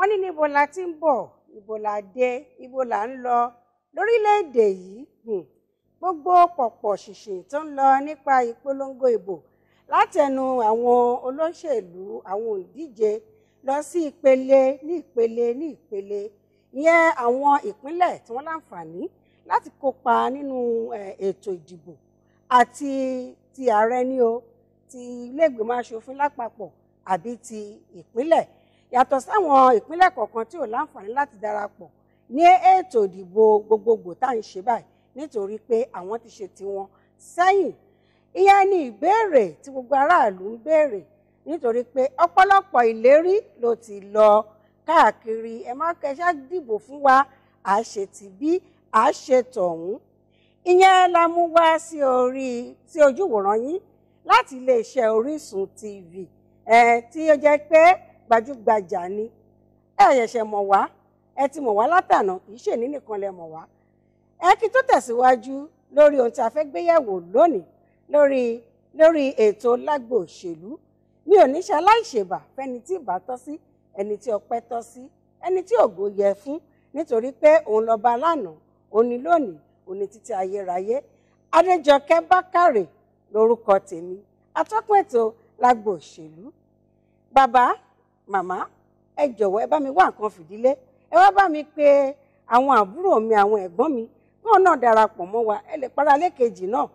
wọ́n ní níbo la ti ń bọ̀ ibo la dé ibo la ń lọ lórílẹ̀‐èdè yìí hmm, gbogbo pọ̀pọ̀ ṣìṣì tó ń lọ nípa ìpolongo ìbò látẹnu àwọn olóṣèlú àwọn òǹdíje lọ sí ìpele ní ìpele ní ìpele ìyẹn àwọn ìpínlẹ̀ tí wọ́n láǹfààní láti kópa nínú ètò ìdìbò àti ti ààrẹ ní o ti ilé ìgbìmọ̀ asòfin lápapọ̀ àbí ti ìpínlẹ̀ yàtọ̀ sáwọn ìpínlẹ̀ kọ̀ọ̀kan tí ò láǹfààní láti darapọ̀ ní ètò ìdìbò gbogbogbò tá à ń ṣe báyìí nítorí pé àwọn ti ṣe tiwọn sẹ́yìn ìyẹn ni ìbéèrè tí gbogbo aráàlú ń béèrè nítorí pé ọ̀pọ̀lọpọ̀ ìlérí ló ti lọ káàkiri ẹ má kẹṣá dìbò fún wa à ṣe ti bí à ṣe tọ̀hún ìyẹn la mú wá sí orí sí ojúwòrán yín láti iléeṣẹ́ Orísun TV ẹ tí ó jẹ́ pé gbajúgbajà ni ẹ yẹ̀ṣẹ̀ mọ̀ wá ẹ ti mọ̀ wá látànà kì í ṣe ní nìkan lẹ mọ̀ wá ẹ kí tó tẹ̀síwájú lórí ohun tí a fẹ́ gbéyẹ̀wò lónìí lórí lórí ètò lágbo òṣèlú mi ò ní ṣe aláìṣèbà fẹ́ni tí ìbá tọ́ sí ẹni tí ọpẹ́ tọ́ sí ẹni tí ògo yẹ fún nítorí pé òun lọ́ba lánàá òní lónìí òní títí ayérayé adéjọkẹ́ bákàrè lórúkọ tèmi atọ́kùn lágbo òṣèlú bàbá màmá ẹ jọ̀wọ́ ẹ bá mi wá nǹkan fìdílé ẹ wá bá mi pé àwọn àbúrò mi àwọn ẹ̀gbọ́n mi náà náà darapọ̀ mọ́ wa ẹ lè para lẹ́kejì náà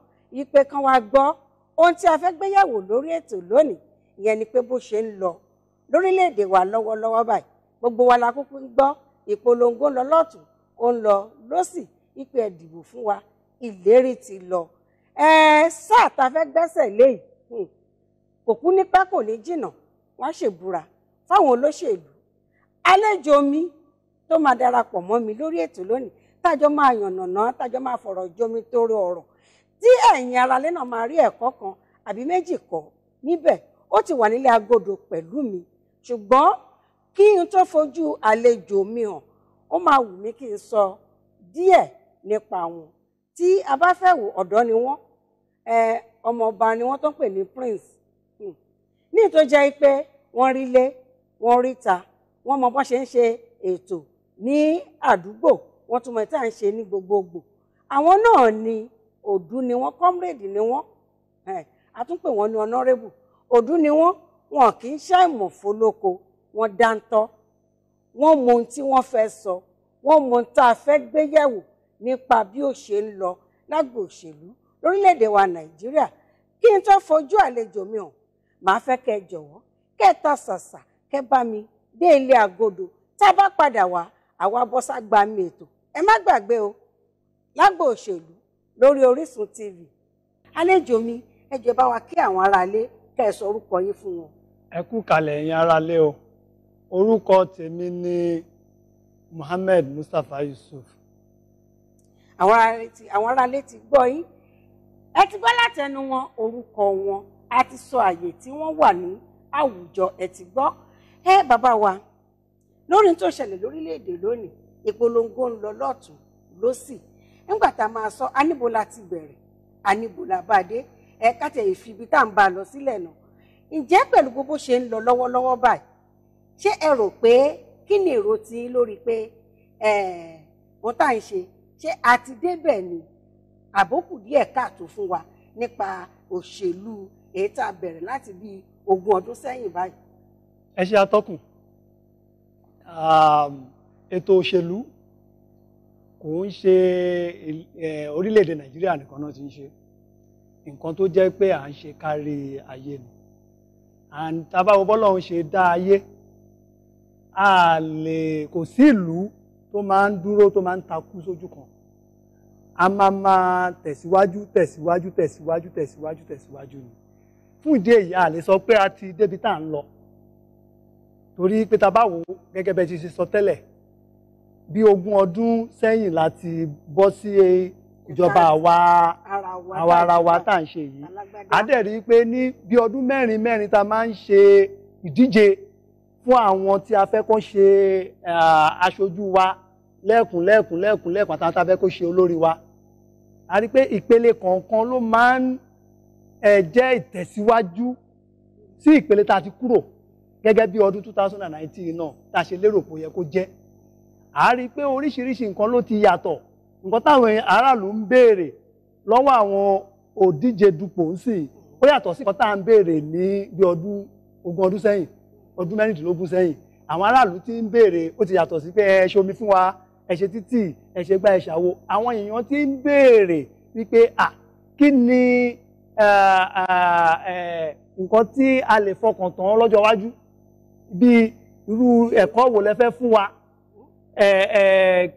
ipe kan wá gbọ́ ohun tí a fẹ́ gbéyàwó lórí ètò lónìí ìyẹn ni pé bó ṣe ń lọ lórílẹ̀‐èdè wa lọ́wọ́lọ́wọ́ báyìí gbogbo wa la kúkú ń gbọ́ ìpolongo ń lọ lọ́tún ó ń lọ lọ́sì ipe ẹ dìbò fún wa ìlérí ti lọ ẹ sáà ta fẹ́ gbẹ́sẹ̀ léyìí hmm, kò kú nípá kò ní jìnnà wọ́n ṣèbúra fáwọn olóṣèlú àlejò mi tó máa darapọ̀ mọ́ mi lórí ètò lónìí tájọ́ máa yànnàná tájọ́ máa fọ̀rọ̀ jomi toro ọ̀rọ̀ tí ẹ̀yin aráalé náà máa rí ẹ̀kọ́ kan àbí méjì kọ́ níbẹ̀ ó ti wà nílé agodo pẹ̀lú mi ṣùgbọ́n kí n tó fojú àlejò mi hàn ó máa wù mí kí n sọ díẹ̀ nípa wọn tí a bá fẹ́ wò ọ̀dọ́ ni wọ́n ọmọọba ni wọ́n tó ń pè ní prince hmm. ní ìtó pé wọ́n rí lé wọ́n ríta wọ́n mọ bó ṣe ń ṣe ètò ní àdúgbò wọ́n tún mọ ìta ń ṣe ní gbogbogbò àwọn náà ni òdú ni wọ́n comrade ni wọ́n àtúnpè wọ́n ní honourable òdú ni wọ́n wọn kì í ṣàìmọ̀ fólóko wọ́n dáńtọ́ wọ́n mọ ohun tí wọ́n fẹ́ sọ wọ́n mọ ohun tá a fẹ́ gbéyẹ̀wò nípa bí ó ṣe ń lọ lágbo òṣèlú lórílẹ̀‐èdè wa nàìjíríà kí n tó fojú àlejò mi hàn màá fẹ́ kẹ́ jọ̀wọ́ kẹ́ ta ṣàṣà kẹ́ bá mi dé ilé àgọ́dọ̀ tá a bá padà wá àwa bọ́sà gba mi ètò ẹ má gbàgbé o lágbo òṣèlú lórí Orísun TV àlejò mi ẹ jẹ́ bá wa kí àwọn aráalé kẹ́ ẹ sọ orúkọ yín fún wọn. ẹ kú kalẹ̀ ẹ̀yin aráalé o orúkọ tèmi ni Muhammed Mustapha Yusuf. àwọn aráalé ti gbọ́ yín ẹ ti gbọ́ látẹnu wọn orúkọ wọn a ti sọ àyè tí wọ́n wà ní àwùjọ ẹ ti gbọ́ ẹ bàbá wa lórí tó ṣẹlẹ̀ lórílẹ̀‐èdè lónìí ìpolongo ń lọ lọ́tún lọ́sì nígbà tá a máa sọ aníbo la ti bẹ̀rẹ̀ aníbo la bá dé ẹ káàtì ẹ̀yìn fi ibi tá à ń bá a lọ sílẹ̀ náà ǹjẹ́ pẹ̀lú gbogbo ṣe ń lọ lọ́wọ́lọ́wọ́ báyìí ṣé ẹ rò pé kí ni èrò ti lórí pé wọ́n tá à ń ṣe ṣé a ti débẹ̀ ni àbókù díẹ̀ káàtó fún wa nípa òṣèlú èyí tá a bẹ̀rẹ̀ láti bíi ogún ọdún sẹ́yìn báyìí ẹ ṣe atọ́kùn ètò òṣèlú kò ń ṣe orílẹ̀-èdè nàìjíríà nìkan náà ti ń ṣe nǹkan tó jẹ́ pé à ń ṣe kárí ayé ni and tábàwọ bọ́lọ́run ṣe dá ayé a lè kò sí ìlú tó máa ń dúró tó máa ń takú sójú kan a máa máa tẹ̀síwájú tẹ̀síwájú tẹ̀síwájú tẹ̀síwájú tẹ̀síwájú ni fún ìdí èyí a sọ pé a ti débi tá à ń lọ torí pé ta bá wò gẹ́gẹ́ bẹ́ẹ̀ ti ṣe sọ tẹ́lẹ̀ bí ogún ọdún sẹ́yìn láti bọ́ sí ìjọba àwa ara wa tá à ń ṣe yìí a dẹ̀ rí i pé ní bí ọdún mẹ́rin mẹ́rin ta máa ń ṣe ìdíje fún àwọn tí a fẹ́ kó ṣe aṣojú wa lẹ́kùn lẹ́kùn lẹ́kùn lẹ́kùn àtàwọn tá a fẹ́ kó ṣe olórí wa a rí i pé ìpele kọ̀ọ̀kan ló máa ń jẹ́ ìtẹ̀síwájú sí ìpele tá ti kúrò gẹ́gẹ́ bí ọdún 2019 náà tá a ṣe lérò pé ó yẹ kó jẹ́ a rí i pé oríṣiríṣi nǹkan ló ti yàtọ̀ nǹkan táwọn aráàlú ń béèrè lọ́wọ́ àwọn òdíje dupò ń sìn ó yàtọ̀ sí nǹkan tá à ń béèrè ní bí ọdún ogún ọdún sẹ́yìn ọdún mẹ́rìndínlógún sẹ́yìn àwọn aráàlú ti ń béèrè ó ti yàtọ̀ sí pé ẹ ṣe omi fún wa ẹ ṣe títì ẹ ṣe gbá ẹ ṣàwo àwọn èèyàn ti ń béèrè wípé à kí ni nǹkan tí a lè fọkàn tán lọ́jọ́ iwájú bí irú ẹ̀kọ́ wo lẹ fẹ́ fún wa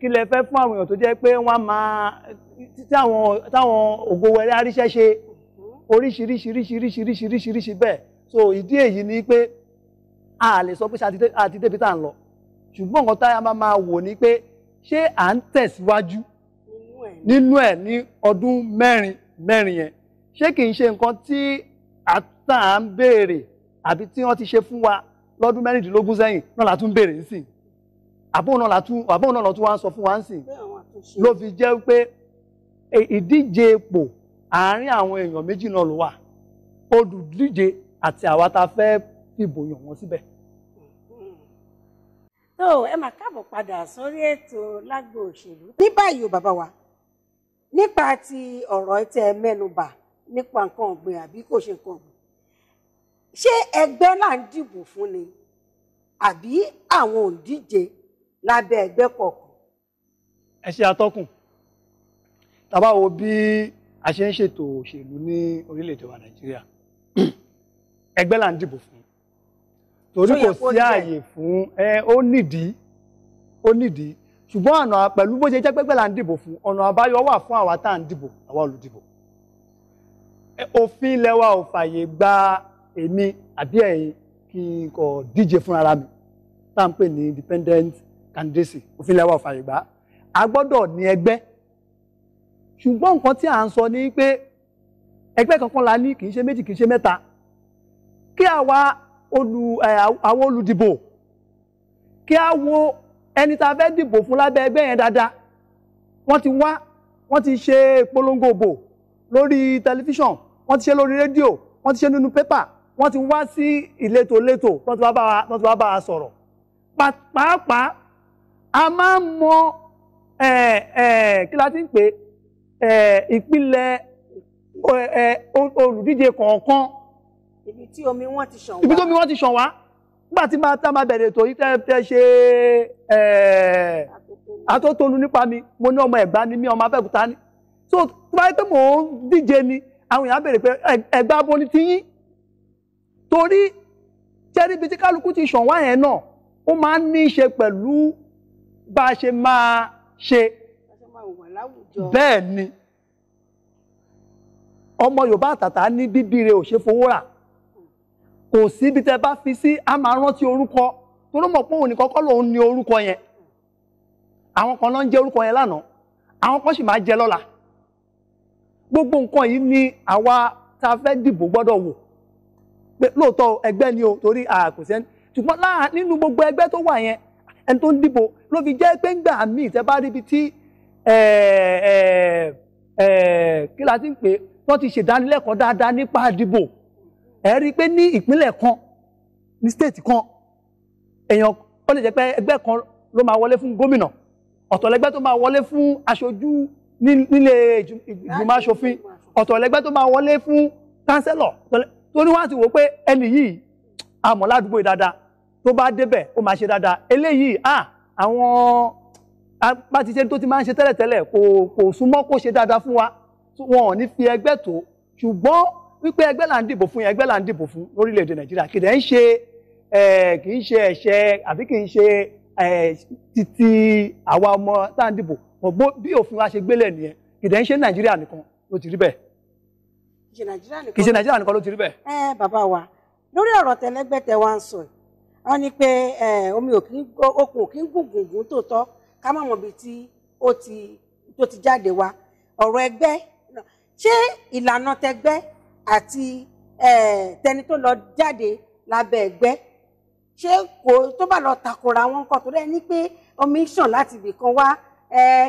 kí lẹ fẹ́ fún àwọn èèyàn tó jẹ́ pé wọ́n máa táwọn ògo wẹrẹ aríṣẹ́ ṣe oríṣiríṣiríṣiríṣiríṣiríṣi bẹ́ẹ̀ so ìdí èyí ni pé a lè sọ pé ṣe àti débi tá à ń lọ ṣùgbọ́n nǹkan táyà máa máa wò ni pé ṣé à ń tẹ̀síwájú nínú ẹ̀ ní ọdún mẹ́rin mẹ́rin yẹn ṣé kì í ṣe nǹkan tí àtà ń béèrè àbí tí wọ́n ti ṣe fún wa lọ́dún mẹ́rìndínlógún sẹ́yìn náà la tún béèrè nsìn àbóhùn náà la tún àbóhùn náà lọ́tún wá ń sọ fún wa nsìn ló fi jẹ́ pé e, ìdíje ipò àárín àwọn èèyàn méjì náà ló wà olùdíje àti àwa tá a fẹ́ fìbò yàn wọ́n síbẹ̀. tó ẹ máa káàbọ̀ padà sórí ètò lágbo òṣèlú. ní báyìí o bàbá wa nípa ti ọ̀rọ̀ tẹ mẹ́nubà nípa nǹkan ọ̀gbìn àbí kò ṣe nǹkan ọ̀gbìn ṣé ẹgbẹ́ là ń dìbò fún ni àbí àwọn òǹdíje lábẹ́ ẹgbẹ́ kọ̀ọ̀kan. ẹ ṣe atọ́kùn tá bá wo bí a ṣe ń ṣètò òṣèlú ní orílẹ̀-èdè wa nàìjíríà ẹgbẹ́ là ń dìbò fún torí kò sí ààyè fún ẹ ó nídìí ó nídìí ṣùgbọ́n ọ̀nà pẹ̀lú bó ṣe jẹ́ pẹ́gbẹ́ là ń dìbò fún ọ̀nà àbáyọ wà fún àwa tá à ń dìbò àwa olùdìbò òfin ilẹ̀ wa ò fàyè gba èmi àbí ẹ̀yin kí n kọ̀ díje fúnra mi tá à ń pè ní independent candidacy òfin lẹ́wọ̀ fàyè gbà á gbọ́dọ̀ ní ẹgbẹ́ ṣùgbọ́n nǹkan tí à ń sọ ni pé ẹgbẹ́ kankan la ní kì í ṣe méjì kì í ṣe mẹ́ta kí àwa olù àwọn olùdìbò kí á wo ẹni tá a fẹ́ dìbò fún lábẹ́ ẹgbẹ́ yẹn dáadáa wọ́n ti wá wọ́n ti ṣe ìpolongo bò lórí tẹlifíṣàn wọ́n ti ṣe lórí rédíò wọ́n ti ṣe nínú pépà wọ́n ti wá sí ìletò létò wọ́n ti wá bá a sọ̀rọ̀ pàápàá a máa ń mọ kí la ti ń pè ìpìlẹ̀ olùdíje kọ̀ọ̀kan ibi tí omi wọn ti ṣàn wá ibi tí omi wọn ti ṣàn wá nígbà tí máa tá máa bẹ̀rẹ̀ ètò yìí tẹ́ ṣe atótónu nípa mi mo ní ọmọ Ẹ̀gbá ni mí ọmọ Abẹ́òkúta ni so tí wọ́n bá yẹ pé mò ń díje ni àwọn èèyàn á bèrè pé Ẹ̀gbá bo ni ti yín torí jẹ́ríbi tí kálukú ti ṣàn wá yẹn náà ó máa ń ní í ṣe pẹ̀lú bá a ṣe máa ṣe bẹ́ẹ̀ ni ọmọ Yorùbá àtàtà ní bíbíire ò ṣe fowó rà kò síbi tẹ́ bá fi sí a máa rántí orúkọ torí mọ̀ pé òun nìkan kọ́ lòun ní orúkọ yẹn àwọn kan ló ń jẹ orúkọ yẹn lánàá àwọn kan sì máa jẹ lọ́la gbogbo nǹkan yìí ni àwa tá a fẹ́ dìbò gbọ́dọ̀ wò pé lóòótọ́ ẹgbẹ́ ni o torí àkò sẹ́ni ṣùgbọ́n láà nínú gbogbo ẹgbẹ́ tó wà yẹn ẹni tó ń dìbò ló fi jẹ́ pé ńgbà míì tẹ́ bá rí ibi tí kí la ti ń pè wọ́n ti ṣèdánilẹ́kọ̀ọ́ dáadáa nípa àdìbò ẹ̀ rí i pé ní ìpínlẹ̀ kan ní stéètì kan èèyàn ó lè jẹ́ pé ẹgbẹ́ kan ló máa wọlé fún gómìnà ọ̀tọ̀ lẹgbẹ́ tó máa wọlé fún aṣojú nílé ìgbìmọ̀ aṣòfin ọ̀tọ̀ tó máa wọlé fún kánsẹ́lọ̀ torí wọ́n á ti wò pé ẹni yìí àmọ́ ládùúgbò yìí dáadáa tó bá débẹ̀ ó máa ṣe dáadáa eléyìí ah àwọn bá ti ṣe tó ti máa ń ṣe tẹ́lẹ̀tẹ́lẹ̀ kò kò súnmọ́ kó ṣe dáadáa fún wa wọn ò ní fi ẹgbẹ́ tó ṣùgbọ́n wípé ẹgbẹ́ là ń dìbò fún ẹgbẹ́ là ń dìbò fún lórílẹ̀‐èdè nàìjíríà kì í ṣe kì í ṣe ẹ̀ṣẹ̀ àbí kì í ṣe títí àwa ọmọ tá à ń dìbò bí òfin wa ṣe gbélé nìyẹn kì í ṣe nàìjíríà nìkan ló ti rí bẹ́ẹ̀ kìí ṣe nàìjíríà nìkan ló ti rí bẹ́ẹ̀. ẹ bàbá wa lórí ọ̀rọ̀ tẹ̀lẹ́gbẹ̀tẹ̀ wa ń sọ wọ́n ní pé omi ò kí ń okùn ò kí ń gùngùngùn tó tọ́ ká má mọ̀ bí tí ó ti jáde wá ọ̀rọ̀ ẹgbẹ́ ṣé ìlànà tẹgbẹ́ àti tẹni tó lọ jáde lábẹ́ ẹgbẹ́ ṣé kò tó bá lọ takora wọn kọ tó rẹ ní pé omi ń sàn láti ibì kan wá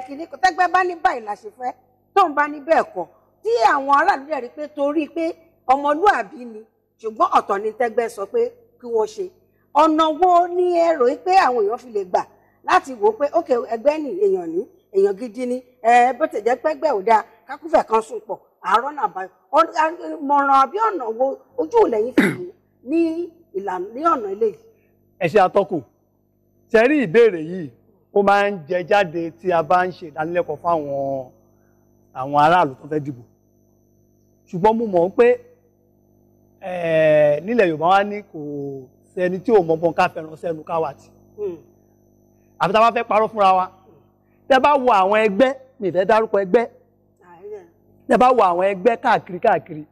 kìnìkan tẹgbẹ́ bá ní báyìí làṣẹ fẹ́ tóun bá ní bẹ́ẹ̀ kọ́ tí àwọn aráàlú rẹ̀ rí pé torí pé ọmọlúàbí ni ṣùgbọ́n ọ̀tọ̀ ni tẹ́gbẹ́ sọ pé kí wọ́n ṣe ọ̀nà wo ni ẹ rò pé àwọn èèyàn fi lè gbà láti wò ó pé ókè ẹgbẹ́ ni èèyàn ní èèyàn gidi ni bó ti jẹ́ pẹ́gbẹ́ ò dáa kákúfẹ̀ kan sùn pọ̀ àárọ̀ náà bá mọ̀ràn àbí ọ̀nà wo ojú lẹ́yìn fi wò ní ìlànà ní ọ̀nà eléyìí. ẹ ṣe atọ́kùn ṣe ìbéèrè yìí ó máa ń jẹ jáde tí a bá ń ṣe ìdánilẹ́kọ̀ọ́ fáwọn àwọn aráàlú tó fẹ́ dìbò ṣùgbọ́n mo mọ̀ pé eh, nílẹ̀ Yorùbá wa ní kò sẹ́ni tí ò mọ̀ bọ́n ká fẹ́ràn sẹ́nu káwà tì hmm. àfi tá a bá fẹ́ parọ́ fúnra wa tẹ́ bá wo àwọn ẹgbẹ́ mi ìfẹ́ dárúkọ ẹgbẹ́ tẹ́ bá wo àwọn ẹgbẹ́ káàkiri káàkiri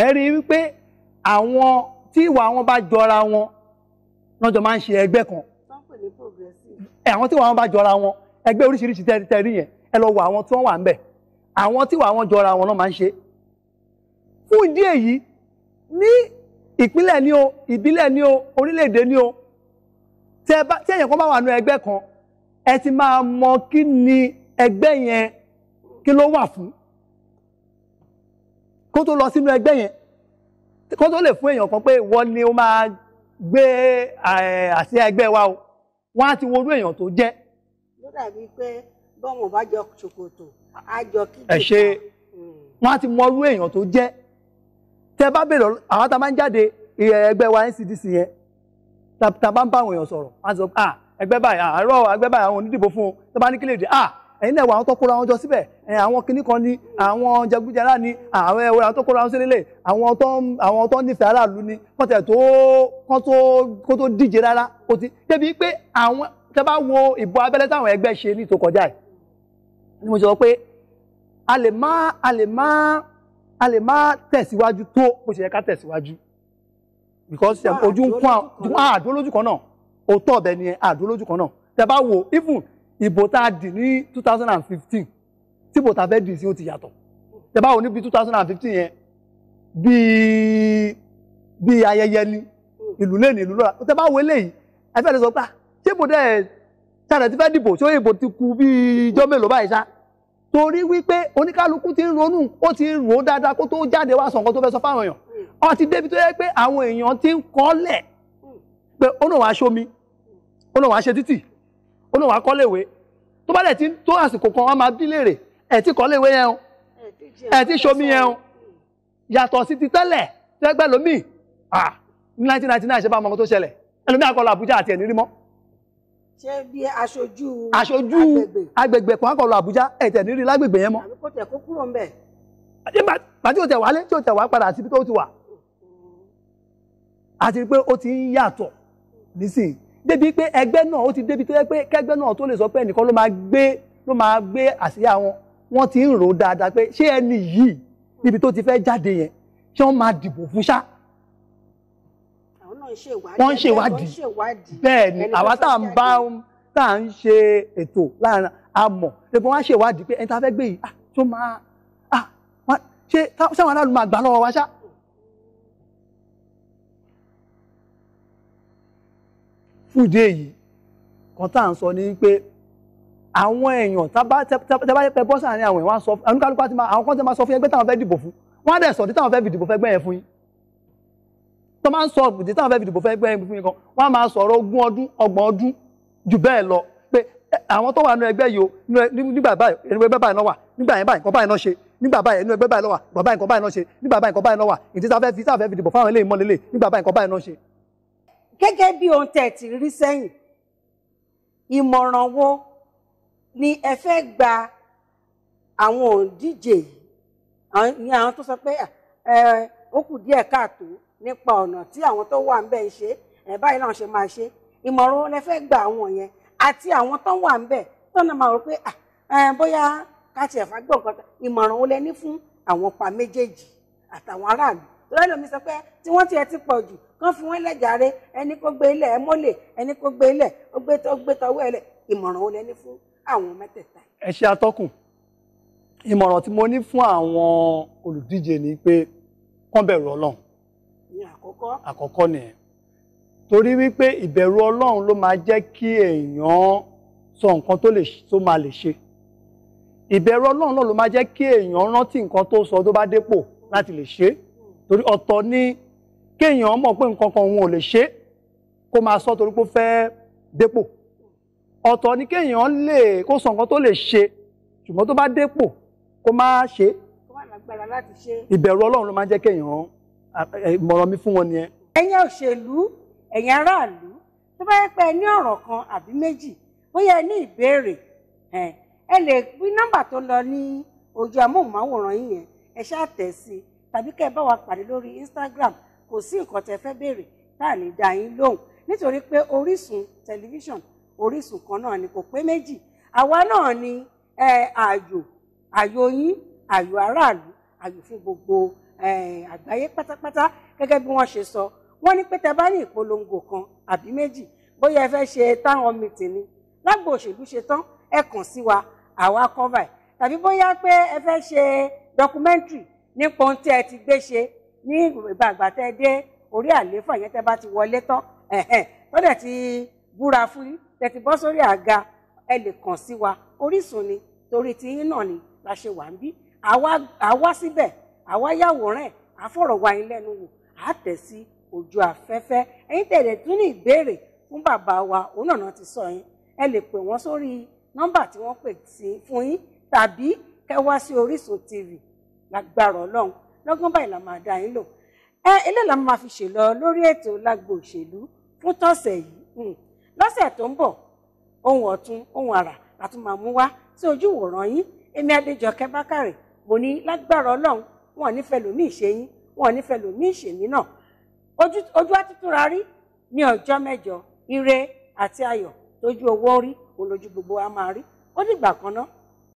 ẹ̀ rí i wípé àwọn tí ìwà wọn bá jọra wọn lọ́jọ́ máa ń ṣe ẹgbẹ́ kan eh, àwọn tí ìwà wọn bá jọra wọn ẹgbẹ́ oríṣiríṣi tẹ́rí yẹn ẹ lọ wo àwọn tí wọ́n wà ń bẹ̀ àwọn tí ìwà wọn jọra wọn lọ́ máa ń ṣe fún ìdí èyí ní ìpínlẹ̀ ni o ìbílẹ̀ ni o orílẹ̀-èdè ni o tí èèyàn kan bá wà nú ẹgbẹ́ kan ẹ ti máa mọ kí ni ẹgbẹ́ yẹn kí ló wà fún kó tó lọ sínú ẹgbẹ́ yẹn kó tó lè fún èèyàn kan pé ìwọ ni ó máa gbé àsíá ẹgbẹ́ wa o wọ́n á ti wo irú èèyàn tó jẹ́. ló dàbí pé bọ́mọ̀ bá jọ ṣòkòtò á jọ kíkì. ẹ ṣe wọ́n á ti mọ irú èèyàn tó jẹ́ tẹ bá bèrè àwọn tá a máa ń jáde ẹgbẹ́ wa NCDC yẹn tá a bá ń bá àwọn èèyàn sọ̀rọ̀ á sọ à ẹgbẹ́ báyìí àárọ̀ ẹgbẹ́ báyìí àwọn onídìbò fún un tó bá ní kílèdè à ẹ̀yin náà wà àwọn tó kóra wọn jọ síbẹ̀ àwọn kinní kan ni àwọn jagunjara ni àwọn ẹwẹ́ àwọn tó kóra wọn sílẹ̀ àwọn tó àwọn tó nífẹ̀ẹ́ aráàlú ni wọ́n tẹ̀ tó kó tó díje rárá ó ti débi pé àwọn tẹ bá wo ìbò abẹ́lẹ́ táwọn ẹgbẹ́ ṣe ní tó kọjá yìí ni mo sọ pé a lè má a lè má a lè má tẹ̀síwájú tó bó ṣe yẹ ká tẹ̀síwájú because ojú ń kún àdó ah, lójú kan náà òótọ́ ọ̀bẹ ni àdó ah, lójú kan náà tẹ bá wo even ìbò tá a dì ní two thousand and fifteen tí ìbò tá a fẹ́ dì sí ó ti yàtọ̀ tẹ bá wo níbi two thousand and fifteen yẹn bíi bíi ayẹyẹ ni ìlú lé ní ìlú lọ́la tẹ bá wo eléyìí ẹ fẹ́ lè sọ pé ah, ṣé ìbò dẹ̀ ṣàrẹ̀ fẹ́ dìbò ṣé ìbò ti kù bíi ijọ́ mélòó báyìí ṣá torí wípé oníkálukú ti ń ronú ó ti ń rò ó dáadáa kó tó jáde wá sọ nǹkan tó fẹ́ sọ fáwọn èèyàn hmm. ó ti débi tó yẹ pé àwọn èèyàn ti ń kọ́lẹ̀ pé ó náà wàá ṣomi ó náà wàá ṣe títì ó náà wàá kọ́léwé tó bá dẹ̀ ti tó àsìkò kan wọ́n máa bí léèrè ẹ̀ ti kọ́léwé yẹn o ẹ̀ ti ṣomi yẹn o yàtọ̀ sí ti tẹ́lẹ̀ tẹ́gbẹ́ lómi ah 1999 ṣe bá ọmọ tó ṣẹlẹ̀ ẹlòmí àkọlù Àbújá àti ẹ̀ nírí ṣé bí aṣojú aṣojú agbègbè kan kọ̀ lọ Àbújá ẹ̀tẹ̀ nírí lágbègbè yẹn mọ́. àbí kò tẹ̀ kó kúrò ń bẹ̀. nígbà tí ó tẹ̀ wálé tí ó tẹ̀ wá padà síbi tó ti wà. àti pé ó ti ń yàtọ̀ nísìnyí débi pé ẹgbẹ́ náà ó ti débi tó yẹ pé kẹgbẹ́ náà tó lè sọ pé ẹnìkan ló máa gbé ló máa gbé àsíá wọn wọ́n ti ń rò ó dáadáa pé ṣé ẹni yìí níbi tó ti fẹ́ jáde yẹn ṣé wọ́n máa dìbò fún ṣáá wọ́n ń ṣèwádìí bẹ́ẹ̀ ni àwa tá à ń bá tá à ń ṣe ètò láàrin àmọ̀ lẹ́gbẹ̀ wọ́n á ṣèwádìí pé ẹni tá a fẹ́ gbé yìí ah, tó máa ah, ṣe sáwọn aráàlú máa gbà lọ́wọ́ wa ṣá. fún ìdí èyí kan tá à ń sọ ni pé àwọn èèyàn tábà pẹ bọ́sà ni àwọn èèyàn wá sọ àwọn kan tí máa sọ fún yẹn pé táwọn fẹ́ dìbò fún wọn á dẹ̀ sọ̀dí táwọn fẹ́ dìbò fẹ́ gbẹ̀yẹn fún yín tó máa ń sọ ìdí táwọn fẹ́ẹ́ fi dìbò fẹ́ gbẹ́ fún yín kan wọ́n á máa sọ̀rọ̀ ogún ọdún ọgbọ̀n ọdún jù bẹ́ẹ̀ lọ pé àwọn tó wà nínú ẹgbẹ́ yìí o nígbà báyìí ẹgbẹ́ báyìí náà wà nígbà yẹn báyìí nǹkan báyìí náà ṣe nígbà báyìí ẹnu ẹgbẹ́ báyìí náà wà nígbà báyìí nǹkan báyìí náà ṣe nígbà báyìí nǹkan báyìí náà wà ìdí táwọn fẹ́ẹ́ fi táwọn fẹ́ẹ́ fi dìbò fáwọn eléyìí mọ́lélẹ̀ nígbà báyìí nǹkan báyìí náà ṣe. gẹ́gẹ́ bí ohun tẹ̀ ti rí sẹ́yìn ìmọ̀ràn wo ni ẹ fẹ́ gba àwọn òǹdíje àwọn tó sọ pé ó kù díẹ̀ káàtó nípa ọ̀nà tí àwọn tó wà ń bẹ̀ ń ṣe ẹ̀ báyìí náà ṣe máa ṣe ìmọ̀ràn lẹ fẹ́ gba àwọn yẹn àti àwọn tó wà ń bẹ̀ tọ́nà máa rò pé bóyá ká tiẹ̀ fà gbọ́ nǹkan ìmọ̀ràn ó lẹ ní fún àwọn pa méjèèjì àtàwọn aráàlú lọ́wọ́ lómi sọ pé tí wọ́n tiẹ̀ ti pọ̀ jù kán fi wọ́n lẹ́jàre ẹni kó gbé ilẹ̀ ẹ mọ́lẹ̀ ẹni kó gbé ilẹ̀ ó gbé tó gbé tọwọ́ ẹ lẹ̀ ìmọ̀ràn ó lẹ ní fún àwọn mẹ́tẹ̀ẹ̀ta. ẹ ṣe atọ́kùn ìmọ̀ràn tí mo ní fún àwọn olùdíje ni pé kán bẹ̀rù ọlọ́run ìyẹn àkọ́kọ́. àkọ́kọ́ nìyẹn torí wípé ìbẹ̀rù ọlọ́run ló máa jẹ́ kí èèyàn sọ nǹkan tó máa lè ṣe ìbẹ̀rù ọlọ́run náà ló máa jẹ́ kí èèyàn rántí nǹkan tó sọ tó bá dépò láti lè ṣe torí ọ̀tọ̀ ni kéèyàn mọ̀ pé nǹkan kan òun ò lè ṣe kó máa sọ torí pé ó fẹ́ dépò ọ̀tọ̀ ni kéèyàn lè kó sọ nǹkan tó lè ṣe ṣùgbọ́n tó bá dépò kó má ṣe ìbẹ̀rù ọlọ́run ló máa jẹ́ kéèyàn ìmọ̀ràn mi fún wọn nìyẹn. ẹ̀yin òṣèlú ẹ̀yin aráàlú tó bá yẹ pé ẹ ní ọ̀rọ̀ kan àbí méjì bóyá ẹ ní ìbéèrè ẹ lè pí nọ́mbà tó lọ ní ojú amóhùnmáwòrán yìí yẹn ẹ ṣáà tẹ̀ sí i tàbí kẹ́ ẹ bá wa pàdé lórí Instagram kò sí nǹkan tẹ́ fẹ́ béèrè tá à ní dá yín lóhùn nítorí pé Orísun tẹlifíṣàn Orísun kan náà ni kò pé méjì àwa náà ni ààyò ààyò yín ààyò aráàlú ààyò fún gbogbo àgbáyé pátápátá gẹ́gẹ́ bí wọ́n ṣe sọ wọ́n ní pé tẹ bá ní ìpolongo kan àbí méjì bóyá ẹ fẹ́ ṣe táwọn mìtìn ni lágbo òṣèlú ṣe tán ẹ kàn sí wa àwa cover ẹ̀ tàbí bóyá pé ẹ fẹ́ ṣe documentary nípa ohun tí ẹ ti gbé ṣe ní ìgbàgbà tẹ dé orí àlééfà yẹn tẹ bá ti wọlé tán tọ́dẹ̀ ti búra fún yín tẹ ti bọ́ sórí àga ẹ lè kàn sí wa Orísun ni torí tiyín náà ni la ṣe wà ń bí àwa síbẹ̀ àwa yàwòrán ẹ̀ àfọ̀rọ̀wáyé lẹ́nu wò àtẹ̀ sí ojú afẹ́fẹ́ ẹ̀yin tẹ̀lé tún ní ìbéèrè fún bàbá wa òun náà ti sọ yín ẹ lè pè wọ́n sórí nọ́mbà tí wọ́n pè sí fún yín tàbí kẹ́ wá sí Orísun TV lágbára Ọlọ́run lọ́gán báyìí la máa dá yín lò ẹ eléyìí la máa fi ṣèlọ lórí ètò lágbo òṣèlú fún tọ̀sẹ̀ yìí hmm, lọ́sẹ̀ tó ń bọ̀ ohun ọ̀tún ohun àrà la tún máa mú sí ojú wòran yín èmi Adéjọkẹ́ Bákàrè mo ní lágbára Ọlọ́run wọn ò nífẹ̀ẹ́ lòmí ìṣe yín wọn ò nífẹ̀ẹ́ lòmí ìṣe mí náà ojú àtútúra rí ní ọjọ́ mẹ́jọ ire àti ayọ̀ tójú owó rí olójú gbogbo a máa rí ó dìgbà kan náà